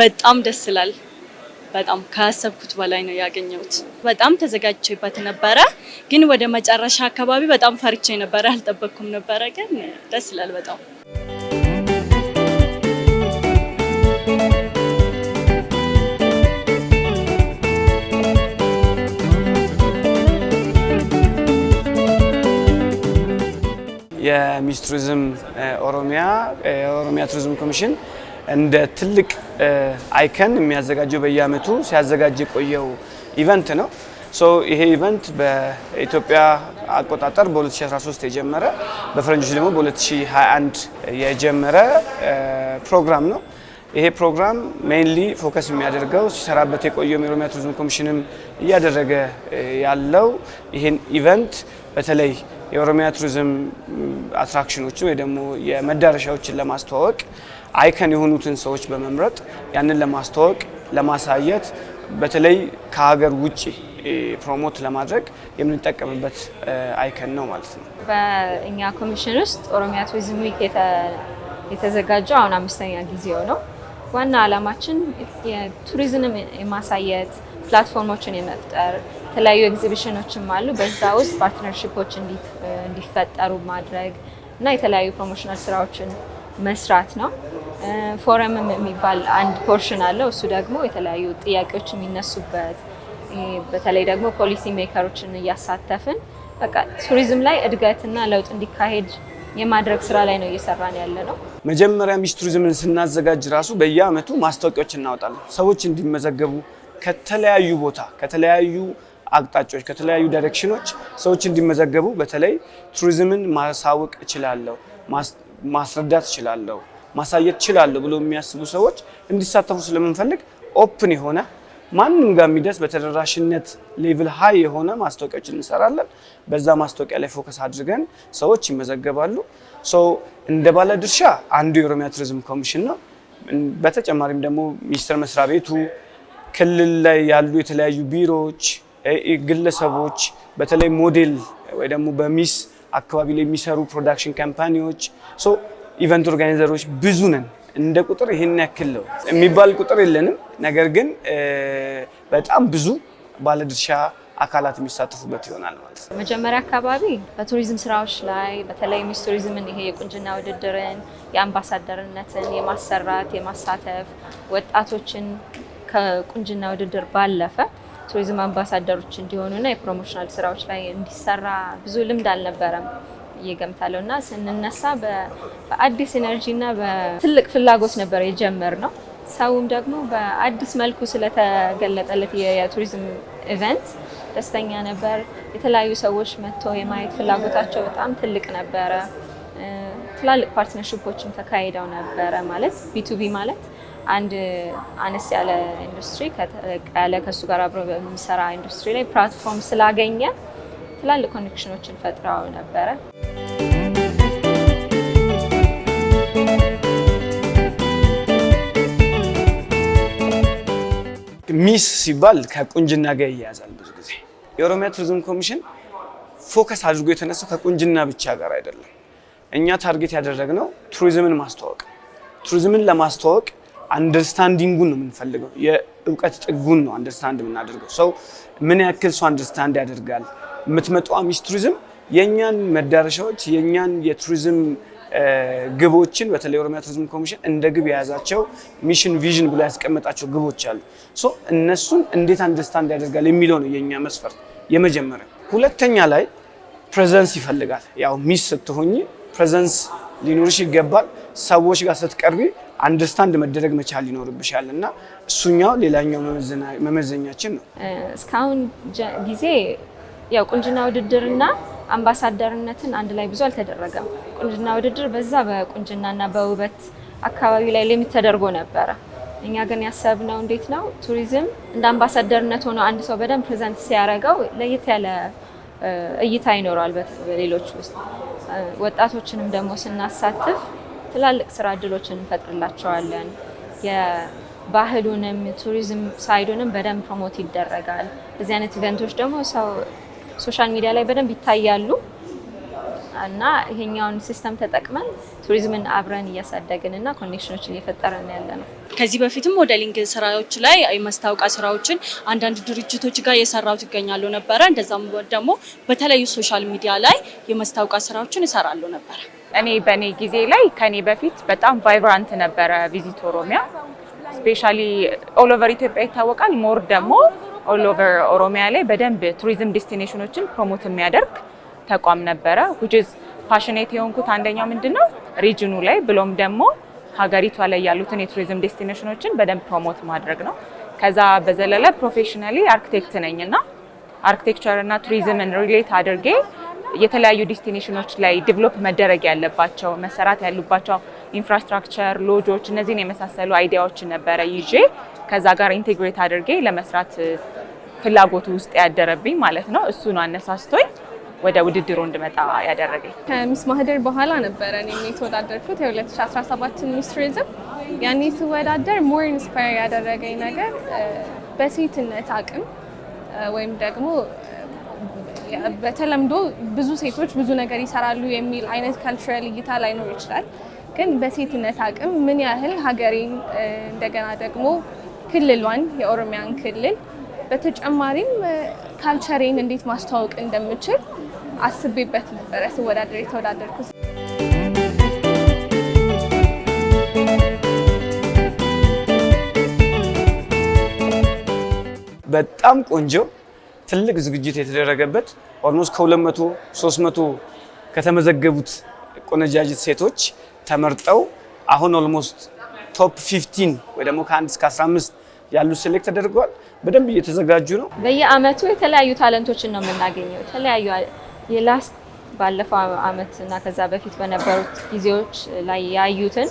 በጣም ደስ ይላል። በጣም ካሰብኩት በላይ ነው ያገኘሁት። በጣም ተዘጋጅቼበት ነበረ፣ ግን ወደ መጨረሻ አካባቢ በጣም ፈርቼ ነበረ። አልጠበቅኩም ነበረ፣ ግን ደስ ይላል በጣም። የሚስ ቱሪዝም ኦሮሚያ የኦሮሚያ ቱሪዝም ኮሚሽን እንደ ትልቅ አይከን የሚያዘጋጀው በየአመቱ ሲያዘጋጅ የቆየው ኢቨንት ነው። ሶ ይሄ ኢቨንት በኢትዮጵያ አቆጣጠር በ2013 የጀመረ በፈረንጆች ደግሞ በ2021 የጀመረ ፕሮግራም ነው። ይሄ ፕሮግራም ሜይንሊ ፎከስ የሚያደርገው ሲሰራበት የቆየው የኦሮሚያ ቱሪዝም ኮሚሽንም እያደረገ ያለው ይህን ኢቨንት በተለይ የኦሮሚያ ቱሪዝም አትራክሽኖችን ወይ ደግሞ የመዳረሻዎችን ለማስተዋወቅ አይከን የሆኑትን ሰዎች በመምረጥ ያንን ለማስተዋወቅ ለማሳየት በተለይ ከሀገር ውጭ ፕሮሞት ለማድረግ የምንጠቀምበት አይከን ነው ማለት ነው። በእኛ ኮሚሽን ውስጥ ኦሮሚያ ቱሪዝም ዊክ የተዘጋጀው አሁን አምስተኛ ጊዜው ነው። ዋና ዓላማችን የቱሪዝም የማሳየት ፕላትፎርሞችን የመፍጠር የተለያዩ ኤግዚቢሽኖችም አሉ። በዛ ውስጥ ፓርትነርሽፖች እንዲፈጠሩ ማድረግ እና የተለያዩ ፕሮሞሽናል ስራዎችን መስራት ነው። ፎረምም የሚባል አንድ ፖርሽን አለው። እሱ ደግሞ የተለያዩ ጥያቄዎች የሚነሱበት በተለይ ደግሞ ፖሊሲ ሜከሮችን እያሳተፍን በቃ ቱሪዝም ላይ እድገትና ለውጥ እንዲካሄድ የማድረግ ስራ ላይ ነው እየሰራን ያለ ነው። መጀመሪያ ሚስ ቱሪዝምን ስናዘጋጅ ራሱ በየአመቱ ማስታወቂያዎች እናወጣለን። ሰዎች እንዲመዘገቡ ከተለያዩ ቦታ ከተለያዩ አቅጣጫዎች ከተለያዩ ዳይሬክሽኖች ሰዎች እንዲመዘገቡ በተለይ ቱሪዝምን ማሳወቅ እችላለሁ፣ ማስረዳት እችላለሁ ማሳየት እችላለሁ ብሎ የሚያስቡ ሰዎች እንዲሳተፉ ስለምንፈልግ ኦፕን የሆነ ማንም ጋር የሚደርስ በተደራሽነት ሌቭል ሀይ የሆነ ማስታወቂያዎች እንሰራለን። በዛ ማስታወቂያ ላይ ፎከስ አድርገን ሰዎች ይመዘገባሉ። እንደ ባለ ድርሻ አንዱ የኦሮሚያ ቱሪዝም ኮሚሽን ነው። በተጨማሪም ደግሞ ሚኒስቴር መስሪያ ቤቱ፣ ክልል ላይ ያሉ የተለያዩ ቢሮዎች፣ ግለሰቦች በተለይ ሞዴል ወይ ደግሞ በሚስ አካባቢ ላይ የሚሰሩ ፕሮዳክሽን ካምፓኒዎች ኢቨንት ኦርጋናይዘሮች ብዙ ነን። እንደ ቁጥር ይህን ያክል ነው የሚባል ቁጥር የለንም። ነገር ግን በጣም ብዙ ባለድርሻ አካላት የሚሳተፉበት ይሆናል ማለት ነው። መጀመሪያ አካባቢ በቱሪዝም ስራዎች ላይ በተለይ ሚስ ቱሪዝምን ይሄ የቁንጅና ውድድርን፣ የአምባሳደርነትን የማሰራት የማሳተፍ ወጣቶችን ከቁንጅና ውድድር ባለፈ ቱሪዝም አምባሳደሮች እንዲሆኑና የፕሮሞሽናል ስራዎች ላይ እንዲሰራ ብዙ ልምድ አልነበረም። ብዬ ገምታለሁ እና ስንነሳ በአዲስ ኤነርጂ እና በትልቅ ፍላጎት ነበር የጀመር ነው። ሰውም ደግሞ በአዲስ መልኩ ስለተገለጠለት የቱሪዝም ኢቨንት ደስተኛ ነበር። የተለያዩ ሰዎች መጥቶ የማየት ፍላጎታቸው በጣም ትልቅ ነበረ። ትላልቅ ፓርትነርሽፖችም ተካሂደው ነበረ። ማለት ቢቱቢ ማለት አንድ አነስ ያለ ኢንዱስትሪ ያለ ከእሱ ጋር አብሮ በሚሰራ ኢንዱስትሪ ላይ ፕላትፎርም ስላገኘ ትላልቅ ኮኔክሽኖችን ፈጥረው ነበረ። ሚስ ሲባል ከቁንጅና ጋር ይያያዛል። ብዙ ጊዜ የኦሮሚያ ቱሪዝም ኮሚሽን ፎከስ አድርጎ የተነሳው ከቁንጅና ብቻ ጋር አይደለም። እኛ ታርጌት ያደረግነው ቱሪዝምን ማስተዋወቅ፣ ቱሪዝምን ለማስተዋወቅ አንደርስታንዲንጉን ነው የምንፈልገው። የእውቀት ጥጉን ነው አንደርስታንድ የምናደርገው። ሰው ምን ያክል ሰው አንደርስታንድ ያደርጋል የምትመጣው አሚስ ቱሪዝም የእኛን መዳረሻዎች የእኛን የቱሪዝም ግቦችን በተለይ ኦሮሚያ ቱሪዝም ኮሚሽን እንደ ግብ የያዛቸው ሚሽን ቪዥን ብሎ ያስቀመጣቸው ግቦች አሉ። ሶ እነሱን እንዴት አንደርስታንድ ያደርጋል የሚለው ነው የእኛ መስፈርት የመጀመሪያ። ሁለተኛ ላይ ፕሬዘንስ ይፈልጋል። ያው ሚስ ስትሆኝ ፕሬዘንስ ሊኖርሽ ይገባል። ሰዎች ጋር ስትቀርቢ አንደርስታንድ መደረግ መቻል ይኖርብሻል እና እሱኛው ሌላኛው መመዘኛችን ነው እስካሁን ጊዜ ያው ቁንጅና ውድድርና አምባሳደርነትን አንድ ላይ ብዙ አልተደረገም። ቁንጅና ውድድር በዛ በቁንጅናና በውበት አካባቢ ላይ ሊሚት ተደርጎ ነበረ። እኛ ግን ያሰብነው እንዴት ነው ቱሪዝም እንደ አምባሳደርነት ሆኖ አንድ ሰው በደንብ ፕሬዘንት ሲያደርገው ለየት ያለ እይታ ይኖረዋል በሌሎች ውስጥ። ወጣቶችንም ደግሞ ስናሳትፍ ትላልቅ ስራ እድሎችን እንፈጥርላቸዋለን። የባህሉንም ቱሪዝም ሳይዱንም በደንብ ፕሮሞት ይደረጋል። እዚህ አይነት ኢቨንቶች ደግሞ ሰው ሶሻል ሚዲያ ላይ በደንብ ይታያሉ እና ይሄኛውን ሲስተም ተጠቅመን ቱሪዝምን አብረን እያሳደግን እና ኮኔክሽኖችን እየፈጠረን ያለ ነው። ከዚህ በፊትም ሞዴሊንግ ስራዎች ላይ የማስታወቂያ ስራዎችን አንዳንድ ድርጅቶች ጋር የሰራሁት ይገኛሉ ነበረ። እንደዛም ደግሞ በተለያዩ ሶሻል ሚዲያ ላይ የማስታወቂያ ስራዎችን ይሰራሉ ነበረ። እኔ በእኔ ጊዜ ላይ ከኔ በፊት በጣም ቫይብራንት ነበረ ቪዚት ኦሮሚያ ስፔሻሊ ኦል ኦቨር ኢትዮጵያ ይታወቃል። ሞር ደግሞ ኦል ኦቨር ኦሮሚያ ላይ በደንብ ቱሪዝም ዴስቲኔሽኖችን ፕሮሞት የሚያደርግ ተቋም ነበረ። ሁጅዝ ፓሽኔት የሆንኩት አንደኛው ምንድን ነው ሪጅኑ ላይ ብሎም ደግሞ ሀገሪቷ ላይ ያሉትን የቱሪዝም ዴስቲኔሽኖችን በደንብ ፕሮሞት ማድረግ ነው። ከዛ በዘለለ ፕሮፌሽናሊ አርክቴክት ነኝ እና አርክቴክቸር እና ቱሪዝምን ሪሌት አድርጌ የተለያዩ ዴስቲኔሽኖች ላይ ዲቨሎፕ መደረግ ያለባቸው መሰራት ያሉባቸው ኢንፍራስትራክቸር፣ ሎጆች፣ እነዚህን የመሳሰሉ አይዲያዎችን ነበረ ይዤ ከዛ ጋር ኢንቴግሬት አድርጌ ለመስራት ፍላጎቱ ውስጥ ያደረብኝ ማለት ነው። እሱን አነሳስቶኝ ወደ ውድድሩ እንድመጣ ያደረገኝ ከሚስ ማህደር በኋላ ነበረ እኔም የተወዳደርኩት የ2017 ሚስ ቱሪዝም። ያኔ ስወዳደር ሞር ኢንስፓየር ያደረገኝ ነገር በሴትነት አቅም ወይም ደግሞ በተለምዶ ብዙ ሴቶች ብዙ ነገር ይሰራሉ የሚል አይነት ካልቸራል እይታ ላይኖር ይችላል። ግን በሴትነት አቅም ምን ያህል ሀገሬን እንደገና ደግሞ ክልሏን የኦሮሚያን ክልል በተጨማሪም ካልቸሬን እንዴት ማስተዋወቅ እንደምችል አስቤበት ነበረ ስወዳደር የተወዳደርኩት። በጣም ቆንጆ ትልቅ ዝግጅት የተደረገበት ኦልሞስት ከሁለት መቶ ሶስት መቶ ከተመዘገቡት ቆነጃጅት ሴቶች ተመርጠው አሁን ኦልሞስት ቶፕ 15 ወይ ደግሞ ከአንድ እስከ 15 ያሉት ሴሌክት ተደርገዋል። በደንብ እየተዘጋጁ ነው። በየአመቱ የተለያዩ ታለንቶችን ነው የምናገኘው። የተለያዩ የላስት ባለፈው አመት እና ከዛ በፊት በነበሩት ጊዜዎች ላይ ያዩትን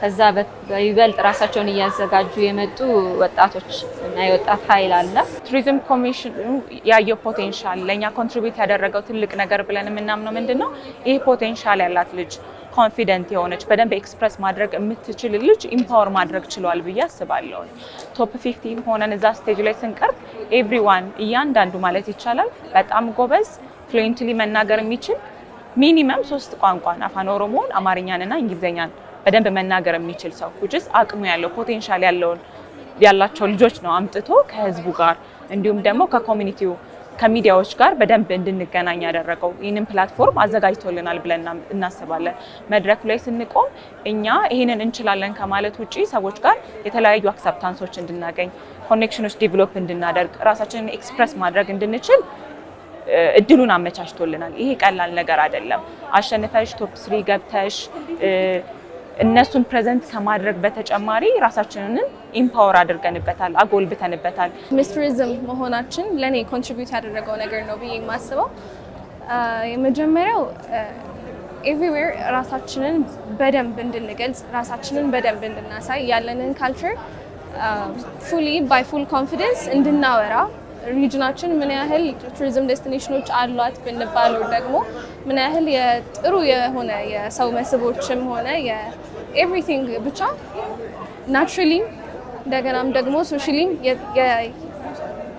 ከዛ በይበልጥ ራሳቸውን እያዘጋጁ የመጡ ወጣቶች እና የወጣት ኃይል አለ። ቱሪዝም ኮሚሽኑ ያየው ፖቴንሻል ለእኛ ኮንትሪቢዩት ያደረገው ትልቅ ነገር ብለን የምናምነው ምንድን ነው? ይህ ፖቴንሻል ያላት ልጅ ኮንፊደንት የሆነች በደንብ ኤክስፕረስ ማድረግ የምትችል ልጅ ኢምፓወር ማድረግ ችሏል ብዬ አስባለሁ። ቶፕ ፊፍቲ ሆነን እዛ ስቴጅ ላይ ስንቀርብ ኤቭሪዋን እያንዳንዱ ማለት ይቻላል በጣም ጎበዝ ፍሉዌንትሊ መናገር የሚችል ሚኒመም ሶስት ቋንቋን አፋን ኦሮሞን፣ አማርኛንና እንግሊዝኛን በደንብ መናገር የሚችል ሰው ውጭስ አቅሙ ያለው ፖቴንሻል ያለውን ያላቸው ልጆች ነው አምጥቶ ከህዝቡ ጋር እንዲሁም ደግሞ ከኮሚኒቲው ከሚዲያዎች ጋር በደንብ እንድንገናኝ ያደረገው ይህንን ፕላትፎርም አዘጋጅቶልናል ብለን እናስባለን። መድረኩ ላይ ስንቆም እኛ ይህንን እንችላለን ከማለት ውጭ ሰዎች ጋር የተለያዩ አክሰፕታንሶች እንድናገኝ፣ ኮኔክሽኖች ዲቨሎፕ እንድናደርግ፣ ራሳችንን ኤክስፕረስ ማድረግ እንድንችል እድሉን አመቻችቶልናል። ይሄ ቀላል ነገር አይደለም። አሸንፈሽ ቶፕ ስሪ ገብተሽ እነሱን ፕሬዘንት ከማድረግ በተጨማሪ ራሳችንን ኢምፓወር አድርገንበታል፣ አጎልብተንበታል። ሚስ ቱሪዝም መሆናችን ለእኔ ኮንትሪቢዩት ያደረገው ነገር ነው ብዬ የማስበው የመጀመሪያው ኤቭሪዌር ራሳችንን በደንብ እንድንገልጽ፣ ራሳችንን በደንብ እንድናሳይ፣ ያለንን ካልቸር ፉሊ ባይ ፉል ኮንፊደንስ እንድናወራ ሪጅናችን ምን ያህል ቱሪዝም ዴስቲኔሽኖች አሏት ብንባለው ደግሞ ምን ያህል የጥሩ የሆነ የሰው መስህቦችም ሆነ የኤቭሪቲንግ ብቻ ናቹራሊ እንደገናም ደግሞ ሶሻሊ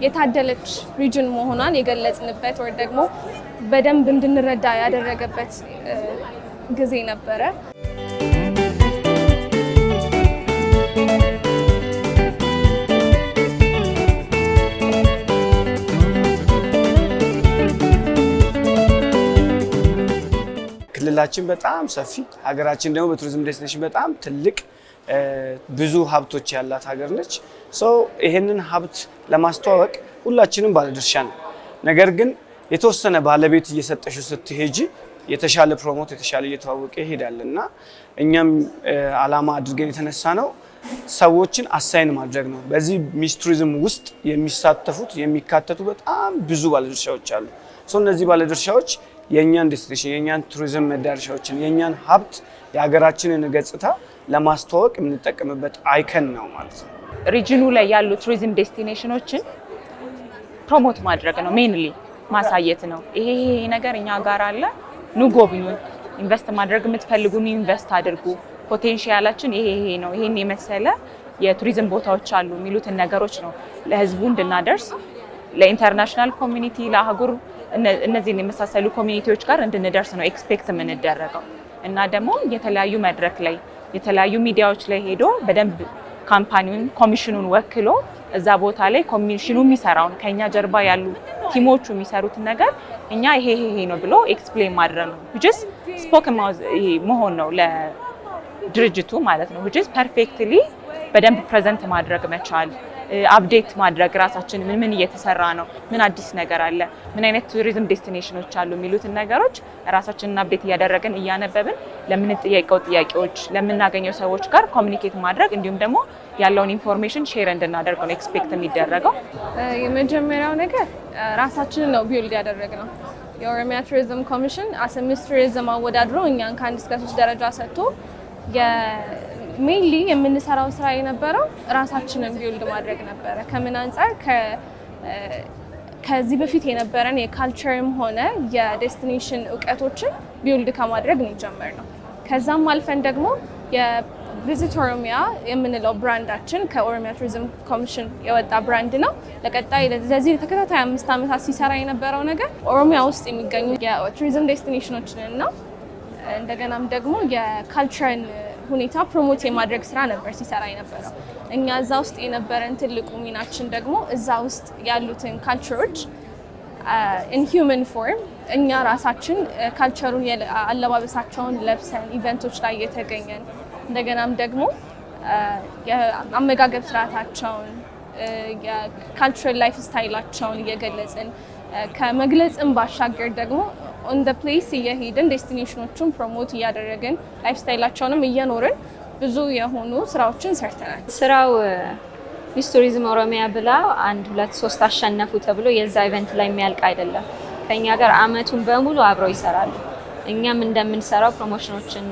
የታደለች ሪጅን መሆኗን የገለጽንበት ወይ ደግሞ በደንብ እንድንረዳ ያደረገበት ጊዜ ነበረ። ክልላችን በጣም ሰፊ ሀገራችን ደግሞ በቱሪዝም ዴስቲኔሽን በጣም ትልቅ ብዙ ሀብቶች ያላት ሀገር ነች። ሰው ሀብት ለማስተዋወቅ ሁላችንም ባለድርሻ ነው። ነገር ግን የተወሰነ ባለቤት እየሰጠሽ ስትሄጂ የተሻለ ፕሮሞት የተሻለ እየተዋወቀ ይሄዳል እና እኛም አላማ አድርገን የተነሳ ነው ሰዎችን አሳይን ማድረግ ነው። በዚህ ሚስ ቱሪዝም ውስጥ የሚሳተፉት የሚካተቱ በጣም ብዙ ባለድርሻዎች አሉ። እነዚህ ባለድርሻዎች የእኛን ዲስቲኔሽን የእኛን ቱሪዝም መዳረሻዎችን የእኛን ሀብት የሀገራችንን ገጽታ ለማስተዋወቅ የምንጠቀምበት አይከን ነው ማለት ነው። ሪጅኑ ላይ ያሉ ቱሪዝም ዴስቲኔሽኖችን ፕሮሞት ማድረግ ነው፣ ሜንሊ ማሳየት ነው። ይሄ ይሄ ነገር እኛ ጋር አለ፣ ኑ ጎብኙን፣ ኢንቨስት ማድረግ የምትፈልጉ ኑ ኢንቨስት አድርጉ፣ ፖቴንሽያላችን ይሄ ይሄ ነው፣ ይሄን የመሰለ የቱሪዝም ቦታዎች አሉ የሚሉትን ነገሮች ነው ለህዝቡ እንድናደርስ ለኢንተርናሽናል ኮሚኒቲ ለአህጉር እነዚህን የመሳሰሉ ኮሚኒቲዎች ጋር እንድንደርስ ነው ኤክስፔክት የምንደረገው እና ደግሞ የተለያዩ መድረክ ላይ የተለያዩ ሚዲያዎች ላይ ሄዶ በደንብ ካምፓኒውን ኮሚሽኑን ወክሎ እዛ ቦታ ላይ ኮሚሽኑ የሚሰራውን ከኛ ጀርባ ያሉ ቲሞቹ የሚሰሩትን ነገር እኛ ይሄ ይሄ ነው ብሎ ኤክስፕሌን ማድረግ ነው ጅስ ስፖክ መሆን ነው ለድርጅቱ ማለት ነው ጅስ ፐርፌክትሊ በደንብ ፕሬዘንት ማድረግ መቻል አፕዴት ማድረግ ራሳችን ምን ምን እየተሰራ ነው፣ ምን አዲስ ነገር አለ፣ ምን አይነት ቱሪዝም ዴስቲኔሽኖች አሉ የሚሉትን ነገሮች ራሳችንን አፕዴት እያደረግን እያነበብን ለምንጠየቀው ጥያቄዎች ለምናገኘው ሰዎች ጋር ኮሚኒኬት ማድረግ እንዲሁም ደግሞ ያለውን ኢንፎርሜሽን ሼር እንድናደርግ ነው ኤክስፔክት የሚደረገው። የመጀመሪያው ነገር ራሳችንን ነው ቢውልድ ያደረግ ነው። የኦሮሚያ ቱሪዝም ኮሚሽን አሰ ቱሪዝም አወዳድሮ እኛን ከአንድ እስከ ሶስት ደረጃ ሰጥቶ ሜንሊ የምንሰራው ስራ የነበረው ራሳችንን ቢውልድ ማድረግ ነበረ። ከምን አንጻር ከዚህ በፊት የነበረን የካልቸርም ሆነ የዴስቲኔሽን እውቀቶችን ቢውልድ ከማድረግ ነው የጀመርነው። ከዛም አልፈን ደግሞ የቪዚት ኦሮሚያ የምንለው ብራንዳችን ከኦሮሚያ ቱሪዝም ኮሚሽን የወጣ ብራንድ ነው። ለቀጣይ ለዚህ ተከታታይ አምስት ዓመታት ሲሰራ የነበረው ነገር ኦሮሚያ ውስጥ የሚገኙ የቱሪዝም ዴስቲኔሽኖችን ነው እንደገናም ደግሞ የካልቸርን ሁኔታ ፕሮሞት የማድረግ ስራ ነበር ሲሰራ የነበረው። እኛ እዛ ውስጥ የነበረን ትልቁ ሚናችን ደግሞ እዛ ውስጥ ያሉትን ካልቸሮች ኢን ሂውመን ፎርም እኛ ራሳችን ካልቸሩን uh, አለባበሳቸውን ለብሰን ኢቨንቶች ላይ እየተገኘን እንደገናም ደግሞ uh, የአመጋገብ ስርዓታቸውን የካልቸራል ላይፍ ስታይላቸውን እየገለጽን uh, ከመግለጽን ባሻገር ደግሞ ኦን ደ ፕሌስ እየሄድን ዴስቲኔሽኖቹን ፕሮሞት እያደረግን ላይፍ ስታይላቸውንም እየኖርን ብዙ የሆኑ ስራዎችን ሰርተናል። ስራው ሚስ ቱሪዝም ኦሮሚያ ብላ አንድ ሁለት ሶስት አሸነፉ ተብሎ የዛ ኢቨንት ላይ የሚያልቅ አይደለም። ከኛ ጋር አመቱን በሙሉ አብረው ይሰራሉ። እኛም እንደምንሰራው ፕሮሞሽኖችን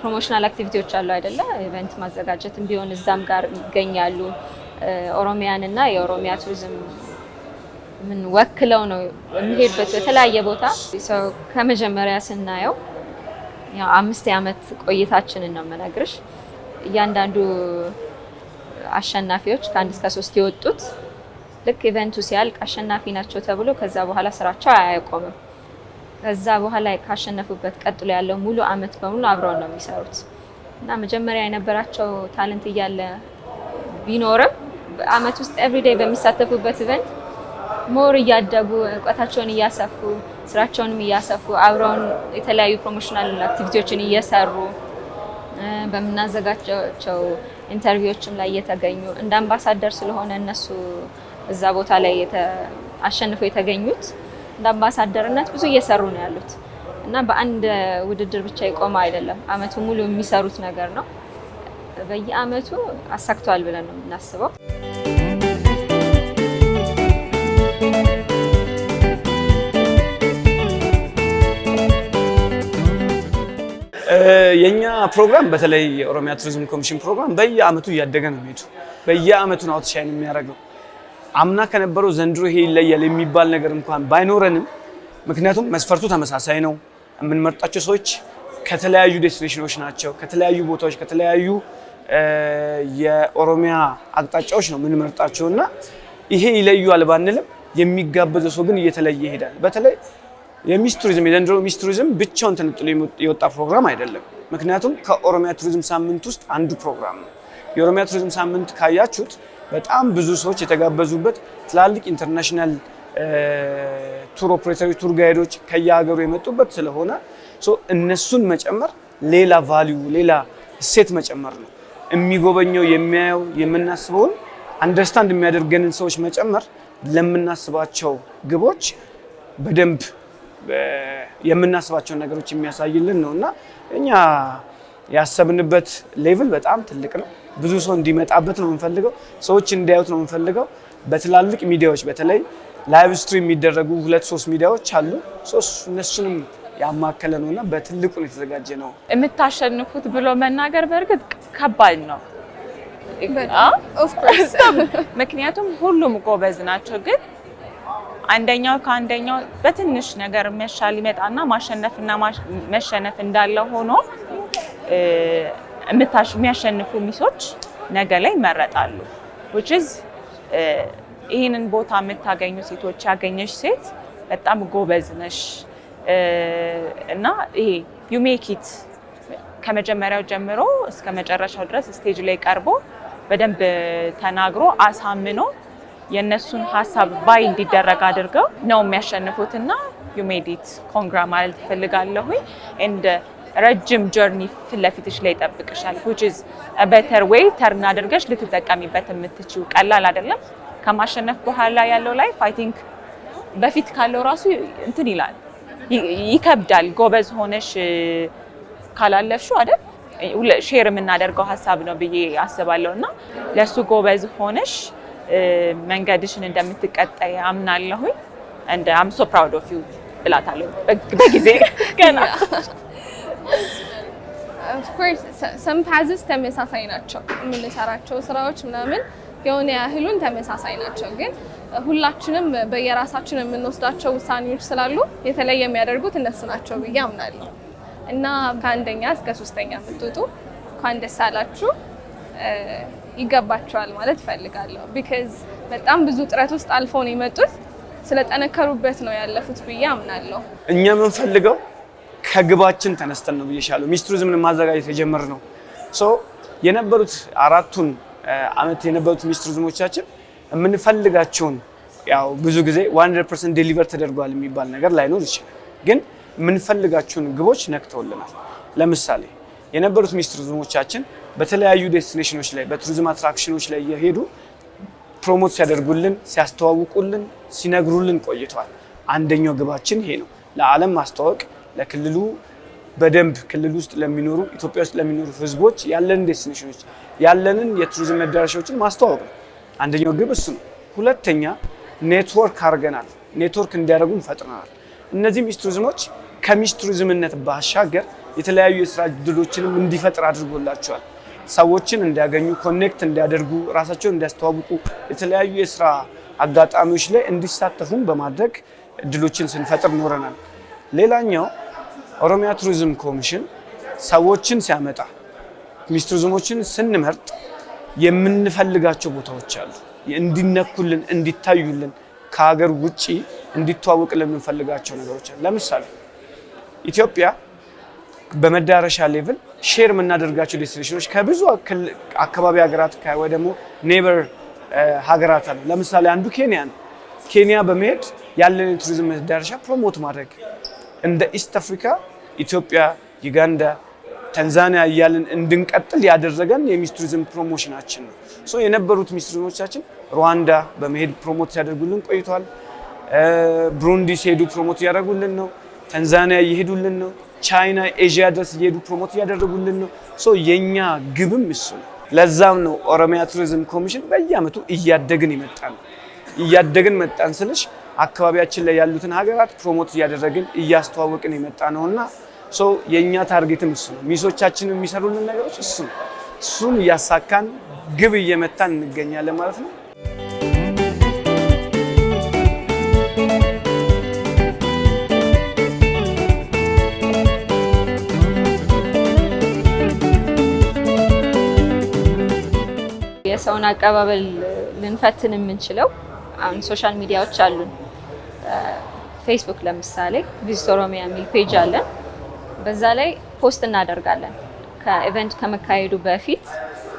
ፕሮሞሽናል አክቲቪቲዎች አሉ አይደለ? ኢቨንት ማዘጋጀትም ቢሆን እዛም ጋር ይገኛሉ። ኦሮሚያን እና የኦሮሚያ ቱሪዝም ወክለው ነው የሚሄድበት በተለያየ ቦታ ሰው ከመጀመሪያ ስናየው ያው አምስት ዓመት ቆይታችንን ነው የምነግርሽ። እያንዳንዱ አሸናፊዎች ከአንድ እስከ ሶስት የወጡት ልክ ኢቨንቱ ሲያልቅ አሸናፊ ናቸው ተብሎ ከዛ በኋላ ስራቸው አያቆምም። ከዛ በኋላ ካሸነፉበት ቀጥሎ ያለው ሙሉ አመት በሙሉ አብረው ነው የሚሰሩት እና መጀመሪያ የነበራቸው ታለንት እያለ ቢኖርም በአመት ውስጥ ኤቭሪዴይ በሚሳተፉበት ኢቨንት ሞር እያደጉ እውቀታቸውን እያሰፉ ስራቸውንም እያሰፉ አብረውን የተለያዩ ፕሮሞሽናል አክቲቪቲዎችን እየሰሩ በምናዘጋጃቸው ኢንተርቪዎችም ላይ እየተገኙ እንደ አምባሳደር ስለሆነ እነሱ እዛ ቦታ ላይ አሸንፈው የተገኙት እንደ አምባሳደርነት ብዙ እየሰሩ ነው ያሉት እና በአንድ ውድድር ብቻ የቆመ አይደለም። አመቱ ሙሉ የሚሰሩት ነገር ነው። በየአመቱ አሳክቷል ብለን ነው የምናስበው። የኛ ፕሮግራም በተለይ የኦሮሚያ ቱሪዝም ኮሚሽን ፕሮግራም በየአመቱ እያደገ ነው የሚሄዱ በየአመቱ ነው አውትሻይን የሚያደርገው። አምና ከነበረው ዘንድሮ ይሄ ይለያል የሚባል ነገር እንኳን ባይኖረንም፣ ምክንያቱም መስፈርቱ ተመሳሳይ ነው። የምንመርጣቸው ሰዎች ከተለያዩ ዴስቲኔሽኖች ናቸው። ከተለያዩ ቦታዎች፣ ከተለያዩ የኦሮሚያ አቅጣጫዎች ነው የምንመርጣቸው እና ይሄ ይለዩ አልባንልም የሚጋበዘው ሰው ግን እየተለየ ይሄዳል። በተለይ የሚስ ቱሪዝም የዘንድሮ ሚስ ቱሪዝም ብቻውን ተነጥሎ የወጣ ፕሮግራም አይደለም። ምክንያቱም ከኦሮሚያ ቱሪዝም ሳምንት ውስጥ አንዱ ፕሮግራም ነው። የኦሮሚያ ቱሪዝም ሳምንት ካያችሁት በጣም ብዙ ሰዎች የተጋበዙበት ትላልቅ ኢንተርናሽናል ቱር ኦፕሬተሮች፣ ቱር ጋይዶች ከየሀገሩ የመጡበት ስለሆነ እነሱን መጨመር ሌላ ቫሊዩ፣ ሌላ እሴት መጨመር ነው። የሚጎበኘው የሚያየው የምናስበውን አንደርስታንድ የሚያደርገንን ሰዎች መጨመር ለምናስባቸው ግቦች በደንብ የምናስባቸውን ነገሮች የሚያሳይልን ነው እና እኛ ያሰብንበት ሌቭል በጣም ትልቅ ነው። ብዙ ሰው እንዲመጣበት ነው የምንፈልገው። ሰዎች እንዲያዩት ነው የምንፈልገው። በትላልቅ ሚዲያዎች በተለይ ላይቭ ስትሪም የሚደረጉ ሁለት ሶስት ሚዲያዎች አሉ። ሶስት እነሱንም ያማከለ ነው እና በትልቁ ነው የተዘጋጀ ነው። የምታሸንፉት ብሎ መናገር በእርግጥ ከባድ ነው፣ ምክንያቱም ሁሉም ጎበዝ ናቸው ግን አንደኛው ከአንደኛው በትንሽ ነገር መሻል ይመጣና ማሸነፍና መሸነፍ እንዳለ ሆኖ የሚያሸንፉ ሚሶች ነገ ላይ ይመረጣሉ። ውችዝ ይህንን ቦታ የምታገኙ ሴቶች ያገኘች ሴት በጣም ጎበዝ ነሽ እና ይሄ ዩሜኪት ከመጀመሪያው ጀምሮ እስከ መጨረሻው ድረስ ስቴጅ ላይ ቀርቦ በደንብ ተናግሮ አሳምኖ የእነሱን ሀሳብ ባይ እንዲደረግ አድርገው ነው የሚያሸንፉትና ዩሜዲት ኮንግራ ማለት ይፈልጋለሁ እንደ ረጅም ጆርኒ ፊት ለፊትሽ ላይ ይጠብቅሻል። በተር ወይ ተርን አድርገሽ ልትጠቀሚበት የምትችው ቀላል አይደለም። ከማሸነፍ በኋላ ያለው ላይፍ አይ ቲንክ በፊት ካለው ራሱ እንትን ይላል ይከብዳል። ጎበዝ ሆነሽ ካላለፍሽው አይደል ሼር የምናደርገው ሀሳብ ነው ብዬ አስባለሁ እና ለእሱ ጎበዝ ሆነሽ መንገድሽን እንደምትቀጠይ አምናለሁኝ። እንደ አም ሶ ፕራውድ ኦፍ ዩ እላታለሁ በጊዜ ገና ኦፍኮርስ ሰምታዝስ ተመሳሳይ ናቸው የምንሰራቸው ስራዎች ምናምን የሆነ ያህሉን ተመሳሳይ ናቸው። ግን ሁላችንም በየራሳችን የምንወስዳቸው ውሳኔዎች ስላሉ የተለየ የሚያደርጉት እነሱ ናቸው ብዬ አምናለሁ እና ከአንደኛ እስከ ሶስተኛ የምትወጡ እንኳን ደስ አላችሁ። ይገባቸዋል ማለት እፈልጋለሁ። ቢካዝ በጣም ብዙ ጥረት ውስጥ አልፈው ነው የመጡት። ስለጠነከሩበት ነው ያለፉት ብዬ አምናለሁ። እኛ የምንፈልገው ከግባችን ተነስተን ነው ብዬሻለሁ። ሚስ ቱሪዝምን ማዘጋጀት ሶ የነበሩት አራቱን አመት የነበሩት ሚስ ቱሪዝሞቻችን የምንፈልጋቸውን ያው ብዙ ጊዜ 100% ዴሊቨር ተደርጓል የሚባል ነገር ላይኖር ይችላል፣ ግን የምንፈልጋቸውን ግቦች ነክተውልናል። ለምሳሌ የነበሩት ሚስ ቱሪዝሞቻችን በተለያዩ ዴስቲኔሽኖች ላይ በቱሪዝም አትራክሽኖች ላይ እየሄዱ ፕሮሞት ሲያደርጉልን፣ ሲያስተዋውቁልን፣ ሲነግሩልን ቆይተዋል። አንደኛው ግባችን ይሄ ነው፣ ለዓለም ማስተዋወቅ ለክልሉ በደንብ ክልል ውስጥ ለሚኖሩ ኢትዮጵያ ውስጥ ለሚኖሩ ህዝቦች ያለንን ዴስቲኔሽኖች ያለንን የቱሪዝም መዳረሻዎችን ማስተዋወቅ ነው። አንደኛው ግብ እሱ ነው። ሁለተኛ ኔትወርክ አድርገናል። ኔትወርክ እንዲያደርጉም ፈጥረናል። እነዚህ ሚስ ቱሪዝሞች ከሚስ ቱሪዝምነት ባሻገር የተለያዩ የስራ እድሎችንም እንዲፈጥር አድርጎላቸዋል። ሰዎችን እንዲያገኙ ኮኔክት እንዲያደርጉ ራሳቸውን እንዲያስተዋውቁ የተለያዩ የስራ አጋጣሚዎች ላይ እንዲሳተፉም በማድረግ እድሎችን ስንፈጥር ኖረናል። ሌላኛው ኦሮሚያ ቱሪዝም ኮሚሽን ሰዎችን ሲያመጣ ሚስ ቱሪዝሞችን ስንመርጥ የምንፈልጋቸው ቦታዎች አሉ። እንዲነኩልን፣ እንዲታዩልን፣ ከሀገር ውጭ እንዲተዋወቅ ለምንፈልጋቸው ነገሮች አሉ። ለምሳሌ ኢትዮጵያ በመዳረሻ ሌቭል ሼር የምናደርጋቸው ዴስቲኔሽኖች ከብዙ አካባቢ ሀገራት ወይ ደግሞ ኔበር ሀገራት አሉ። ለምሳሌ አንዱ ኬንያ ነው። ኬንያ በመሄድ ያለን የቱሪዝም መዳረሻ ፕሮሞት ማድረግ እንደ ኢስት አፍሪካ፣ ኢትዮጵያ፣ ዩጋንዳ፣ ታንዛኒያ እያልን እንድንቀጥል ያደረገን የሚስ ቱሪዝም ፕሮሞሽናችን ነው። ሶ የነበሩት ሚስ ቱሪዝሞቻችን ሩዋንዳ በመሄድ ፕሮሞት ሲያደርጉልን ቆይቷል። ብሩንዲ ሲሄዱ ፕሮሞት እያደረጉልን ነው። ታንዛኒያ እየሄዱልን ነው። ቻይና ኤዥያ ድረስ እየሄዱ ፕሮሞት እያደረጉልን ነው። የኛ ግብም እሱ ነው። ለዛም ነው ኦሮሚያ ቱሪዝም ኮሚሽን በየአመቱ እያደግን የመጣ ነው። እያደግን መጣን ስልሽ አካባቢያችን ላይ ያሉትን ሀገራት ፕሮሞት እያደረግን እያስተዋወቅን የመጣ ነውና ሰው የእኛ ታርጌትም እሱ ነው። ሚሶቻችን የሚሰሩልን ነገሮች እሱ ነው። እሱን እያሳካን ግብ እየመታን እንገኛለን ማለት ነው። ሰውን አቀባበል ልንፈትን የምንችለው አሁን ሶሻል ሚዲያዎች አሉን። ፌስቡክ ለምሳሌ ቪዚት ኦሮሚያ የሚል ፔጅ አለን። በዛ ላይ ፖስት እናደርጋለን። ከኢቨንት ከመካሄዱ በፊት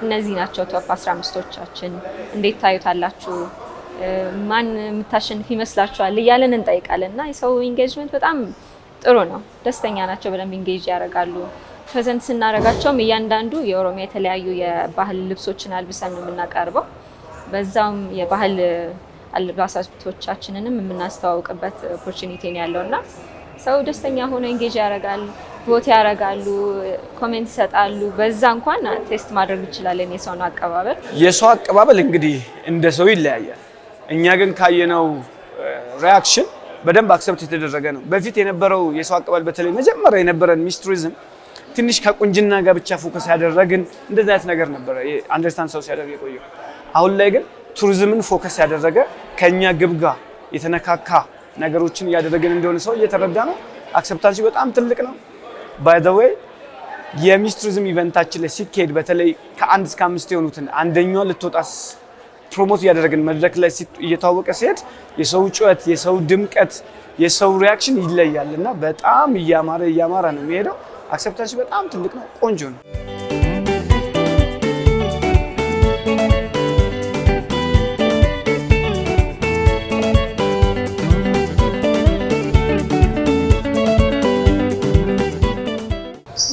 እነዚህ ናቸው ቶፕ 1 አምስቶቻችን እንዴት ታዩታላችሁ? ማን የምታሸንፍ ይመስላችኋል? እያለን እንጠይቃለን እና የሰው ኢንጌጅመንት በጣም ጥሩ ነው። ደስተኛ ናቸው፣ በደንብ ኢንጌጅ ያደርጋሉ። ፕሬዘንት ስናደርጋቸውም እያንዳንዱ የኦሮሚያ የተለያዩ የባህል ልብሶችን አልብሰን ነው የምናቀርበው። በዛም የባህል አልባሳቶቻችንንም የምናስተዋውቅበት ኦፖርቹኒቲን ያለው እና ሰው ደስተኛ ሆኖ ኤንጌጅ ያደርጋል። ቮት ያደርጋሉ፣ ኮሜንት ይሰጣሉ። በዛ እንኳን ቴስት ማድረግ እንችላለን የሰውን አቀባበል። የሰው አቀባበል እንግዲህ እንደ ሰው ይለያያል። እኛ ግን ካየነው ሪያክሽን uh, በደንብ አክሰብት የተደረገ ነው። በፊት የነበረው የሰው አቀባበል በተለይ መጀመሪያ የነበረን ሚስትሪዝም ትንሽ ከቁንጅና ጋር ብቻ ፎከስ ያደረግን እንደዚህ አይነት ነገር ነበረ አንደርስታንድ ሰው ሲያደርግ የቆየው። አሁን ላይ ግን ቱሪዝምን ፎከስ ያደረገ ከእኛ ግብ ጋር የተነካካ ነገሮችን እያደረግን እንደሆነ ሰው እየተረዳ ነው። አክሰፕታንሲ በጣም ትልቅ ነው። ባይ ዘ ዌይ የሚስ ቱሪዝም ኢቨንታችን ላይ ሲካሄድ በተለይ ከአንድ እስከ አምስት የሆኑትን አንደኛዋ ልትወጣ ፕሮሞት እያደረግን መድረክ ላይ እየተዋወቀ ሲሄድ የሰው ጩኸት፣ የሰው ድምቀት፣ የሰው ሪያክሽን ይለያል እና በጣም እያማረ እያማረ ነው የሚሄደው። አክሰፕታንስ በጣም ትልቅ ነው። ቆንጆ ነው።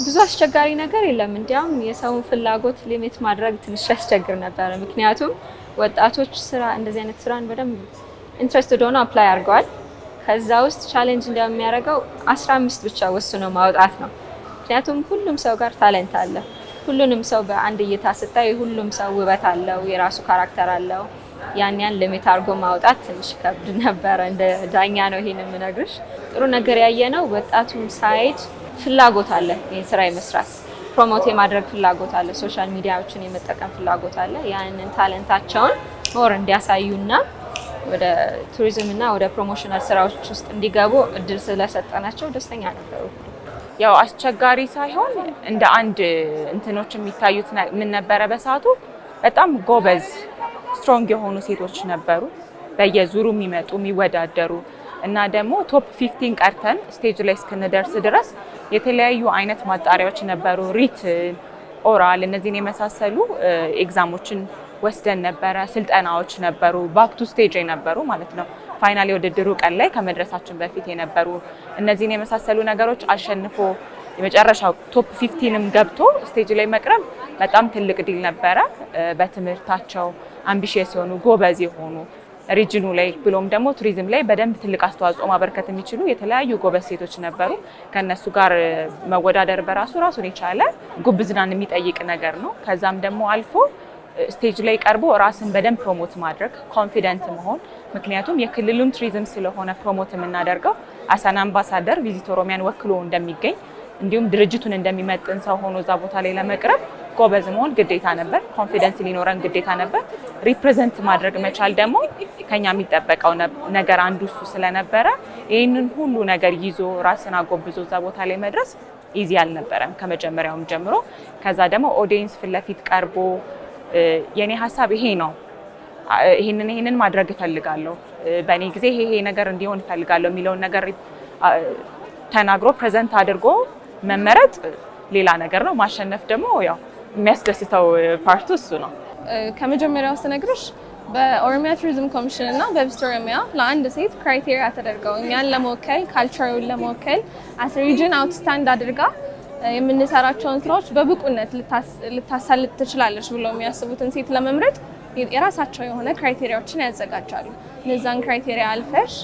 ብዙ አስቸጋሪ ነገር የለም። እንዲያውም የሰውን ፍላጎት ሊሚት ማድረግ ትንሽ ያስቸግር ነበረ። ምክንያቱም ወጣቶች ስራ እንደዚህ አይነት ስራን በደንብ ኢንትረስት ሆነ አፕላይ አድርገዋል። ከዛ ውስጥ ቻሌንጅ የሚያደርገው አስራ አምስት ብቻ ወስኖ ማውጣት ነው። ምክንያቱም ሁሉም ሰው ጋር ታለንት አለ። ሁሉንም ሰው በአንድ እይታ ስታይ ሁሉም ሰው ውበት አለው፣ የራሱ ካራክተር አለው። ያን ያን ልሜት አድርጎ ማውጣት ትንሽ ከብድ ነበረ። እንደ ዳኛ ነው ይሄን የምነግርሽ። ጥሩ ነገር ያየ ነው። ወጣቱም ሳይድ ፍላጎት አለ፣ ይህን ስራ የመስራት ፕሮሞት የማድረግ ፍላጎት አለ፣ ሶሻል ሚዲያዎችን የመጠቀም ፍላጎት አለ። ያንን ታለንታቸውን ሞር እንዲያሳዩና ወደ ቱሪዝምና ወደ ፕሮሞሽናል ስራዎች ውስጥ እንዲገቡ እድል ስለሰጠናቸው ደስተኛ ነበሩ። ያው አስቸጋሪ ሳይሆን እንደ አንድ እንትኖች የሚታዩት ምን ነበረ በሰዓቱ በጣም ጎበዝ ስትሮንግ የሆኑ ሴቶች ነበሩ በየዙሩ የሚመጡ የሚወዳደሩ እና ደግሞ ቶፕ ፊፍቲን ቀርተን ስቴጅ ላይ እስክንደርስ ድረስ የተለያዩ አይነት ማጣሪያዎች ነበሩ። ሪት፣ ኦራል እነዚህን የመሳሰሉ ኤግዛሞችን ወስደን ነበረ። ስልጠናዎች ነበሩ፣ ባክ ቱ ስቴጅ ነበሩ ማለት ነው። ፋይናል የውድድሩ ቀን ላይ ከመድረሳችን በፊት የነበሩ እነዚህን የመሳሰሉ ነገሮች አሸንፎ የመጨረሻው ቶፕ ፊፍቲንም ገብቶ ስቴጅ ላይ መቅረብ በጣም ትልቅ ድል ነበረ። በትምህርታቸው አምቢሽየስ የሆኑ ጎበዝ የሆኑ ሪጅኑ ላይ ብሎም ደግሞ ቱሪዝም ላይ በደንብ ትልቅ አስተዋጽኦ ማበረከት የሚችሉ የተለያዩ ጎበዝ ሴቶች ነበሩ። ከነሱ ጋር መወዳደር በራሱ ራሱን የቻለ ጉብዝናን የሚጠይቅ ነገር ነው። ከዛም ደግሞ አልፎ ስቴጅ ላይ ቀርቦ ራስን በደንብ ፕሮሞት ማድረግ ኮንፊደንት መሆን። ምክንያቱም የክልሉን ቱሪዝም ስለሆነ ፕሮሞት የምናደርገው አሳን አምባሳደር ቪዚት ኦሮሚያን ወክሎ እንደሚገኝ እንዲሁም ድርጅቱን እንደሚመጥን ሰው ሆኖ እዛ ቦታ ላይ ለመቅረብ ጎበዝ መሆን ግዴታ ነበር። ኮንፊደንስ ሊኖረን ግዴታ ነበር። ሪፕሬዘንት ማድረግ መቻል ደግሞ ከኛ የሚጠበቀው ነገር አንዱ እሱ ስለነበረ ይህንን ሁሉ ነገር ይዞ ራስን አጎብዞ እዛ ቦታ ላይ መድረስ ኢዚ አልነበረም ከመጀመሪያውም ጀምሮ። ከዛ ደግሞ ኦዲየንስ ፊት ለፊት ቀርቦ የኔ ሀሳብ ይሄ ነው፣ ይሄንን ይሄንን ማድረግ እፈልጋለሁ፣ በእኔ ጊዜ ይሄ ይሄ ነገር እንዲሆን እፈልጋለሁ የሚለውን ነገር ተናግሮ ፕሬዘንት አድርጎ መመረጥ ሌላ ነገር ነው። ማሸነፍ ደግሞ ያው የሚያስደስተው ፓርቱ እሱ ነው። ከመጀመሪያው ስነግርሽ በኦሮሚያ ቱሪዝም ኮሚሽን እና በቪዚት ኦሮሚያ ለአንድ ሴት ክራይቴሪያ ተደርገው እኛን ለመወከል ካልቸሩን ለመወከል አስ ሪጅን አውትስታንድ አድርጋ የምንሰራቸውን ስራዎች በብቁነት ልታሳልጥ ትችላለች ብሎ የሚያስቡትን ሴት ለመምረጥ የራሳቸው የሆነ ክራይቴሪያዎችን ያዘጋጃሉ። እነዛን ክራይቴሪያ አልፈሽ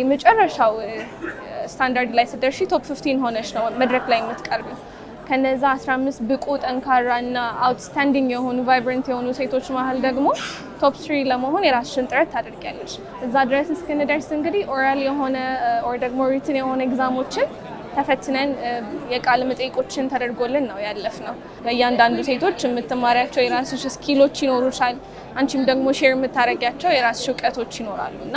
የመጨረሻው ስታንዳርድ ላይ ስደርሺ ቶፕ ፊፍቲን ሆነች ነው መድረክ ላይ የምትቀርብ ከነዛ 15 ብቁ ጠንካራ እና አውትስታንዲንግ የሆኑ ቫይብረንት የሆኑ ሴቶች መሀል ደግሞ ቶፕ ስሪ ለመሆን የራስሽን ጥረት ታደርጊያለች። እዛ ድረስ እስክንደርስ እንግዲህ ኦራል የሆነ ኦር ደግሞ ሪትን የሆነ ኤግዛሞችን ተፈትነን የቃል መጠይቆችን ተደርጎልን ነው ነው። በእያንዳንዱ ሴቶች የምትማሪያቸው የራስሽ ስኪሎች ይኖሩሻል። አንቺም ደግሞ ሼር የምታደርጊያቸው የራስሽ እውቀቶች ይኖራሉ እና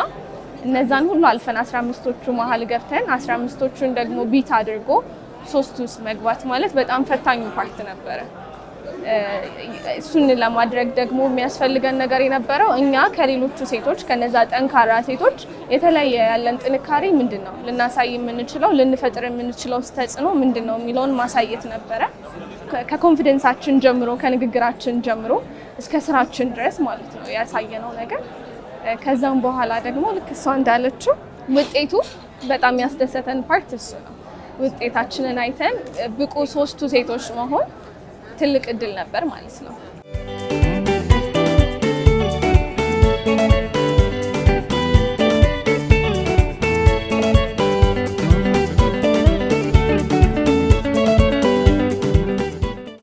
እነዛን ሁሉ አልፈን አስራ አምስቶቹ መሀል ገብተን አስራ አምስቶቹን ደግሞ ቢት አድርጎ ሶስት ውስጥ መግባት ማለት በጣም ፈታኙ ፓርት ነበረ። እሱን ለማድረግ ደግሞ የሚያስፈልገን ነገር የነበረው እኛ ከሌሎቹ ሴቶች ከነዛ ጠንካራ ሴቶች የተለየ ያለን ጥንካሬ ምንድን ነው፣ ልናሳይ የምንችለው ልንፈጥር የምንችለው ተጽዕኖ ምንድን ነው የሚለውን ማሳየት ነበረ። ከኮንፊደንሳችን ጀምሮ ከንግግራችን ጀምሮ እስከ ስራችን ድረስ ማለት ነው ያሳየነው ነገር። ከዛም በኋላ ደግሞ ልክ እሷ እንዳለችው ውጤቱ በጣም ያስደሰተን ፓርት እሱ ነው። ውጤታችንን አይተን ብቁ ሶስቱ ሴቶች መሆን ትልቅ እድል ነበር ማለት ነው።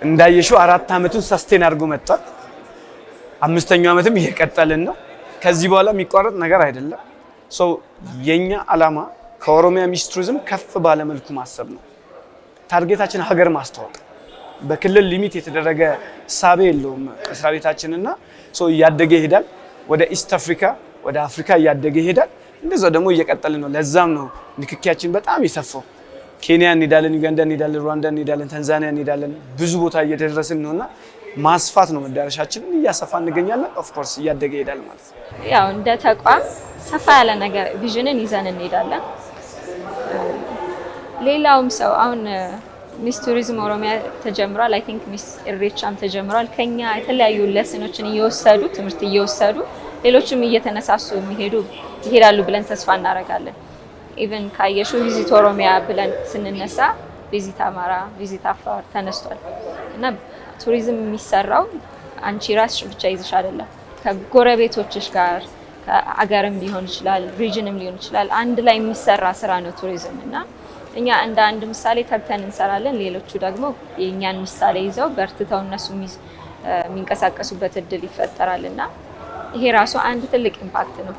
እንዳየሽው አራት አመቱን ሰስቴን አድርጎ መጣ። አምስተኛው አመትም እየቀጠልን ነው። ከዚህ በኋላ የሚቋረጥ ነገር አይደለም። ሰው የኛ አላማ ከኦሮሚያ ሚስ ከፍ ባለመልኩ ማሰብ ነው። ታርጌታችን ሀገር ማስተዋወቅ በክልል ሊሚት የተደረገ ሳቤ የለውም ቤታችን ቤታችንና እያደገ ይሄዳል። ወደ ኢስት አፍሪካ ወደ አፍሪካ እያደገ ይሄዳል። እንደዛ ደግሞ እየቀጠልን ነው። ለዛም ነው ንክኪያችን በጣም የሰፋው። ኬንያ እንሄዳለን፣ ዩጋንዳ እንሄዳለን፣ ሩዋንዳ እንሄዳለን፣ ታንዛኒያ እንሄዳለን። ብዙ ቦታ እየደረስን ነውና ማስፋት ነው መዳረሻችንን እያሰፋ እንገኛለን። ኦፍኮርስ እያደገ ይሄዳል ማለት ነው። ያው እንደ ተቋም ሰፋ ያለ ነገር ቪዥንን ይዘን እንሄዳለን። ሌላውም ሰው አሁን ሚስ ቱሪዝም ኦሮሚያ ተጀምሯል። አይ ቲንክ ሚስ ኢሬቻም ተጀምሯል። ከኛ የተለያዩ ለስኖችን እየወሰዱ ትምህርት እየወሰዱ ሌሎችም እየተነሳሱ የሚሄዱ ይሄዳሉ ብለን ተስፋ እናደርጋለን። ኢቨን ካየሹ ቪዚት ኦሮሚያ ብለን ስንነሳ ቪዚት አማራ፣ ቪዚት አፋር ተነስቷል እና ቱሪዝም የሚሰራው አንቺ ራስሽ ብቻ ይዝሽ አይደለም ከጎረቤቶችሽ ጋር ከአገርም ሊሆን ይችላል ሪጅንም ሊሆን ይችላል አንድ ላይ የሚሰራ ስራ ነው ቱሪዝም እና እኛ እንደ አንድ ምሳሌ ተግተን እንሰራለን። ሌሎቹ ደግሞ የእኛን ምሳሌ ይዘው በርትተው እነሱ የሚንቀሳቀሱበት እድል ይፈጠራል እና ይሄ ራሱ አንድ ትልቅ ኢምፓክት ነው።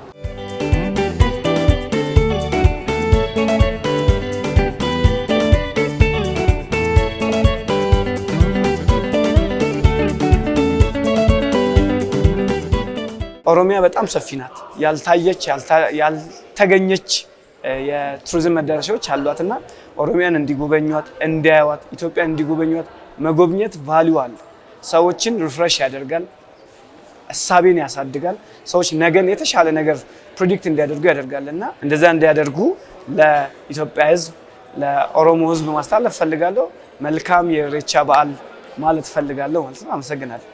ኦሮሚያ በጣም ሰፊ ናት። ያልታየች ያልተገኘች የቱሪዝም መዳረሻዎች አሏትና ኦሮሚያን እንዲጎበኟት፣ እንዲያዩዋት፣ ኢትዮጵያ እንዲጎበኟት መጎብኘት ቫሊዩ አለ። ሰዎችን ሪፍሬሽ ያደርጋል፣ እሳቤን ያሳድጋል። ሰዎች ነገን የተሻለ ነገር ፕሮዲክት እንዲያደርጉ ያደርጋል እና እንደዛ እንዲያደርጉ ለኢትዮጵያ ሕዝብ ለኦሮሞ ሕዝብ ማስተላለፍ ፈልጋለሁ። መልካም የኢሬቻ በዓል ማለት ፈልጋለሁ ማለት ነው። አመሰግናለሁ።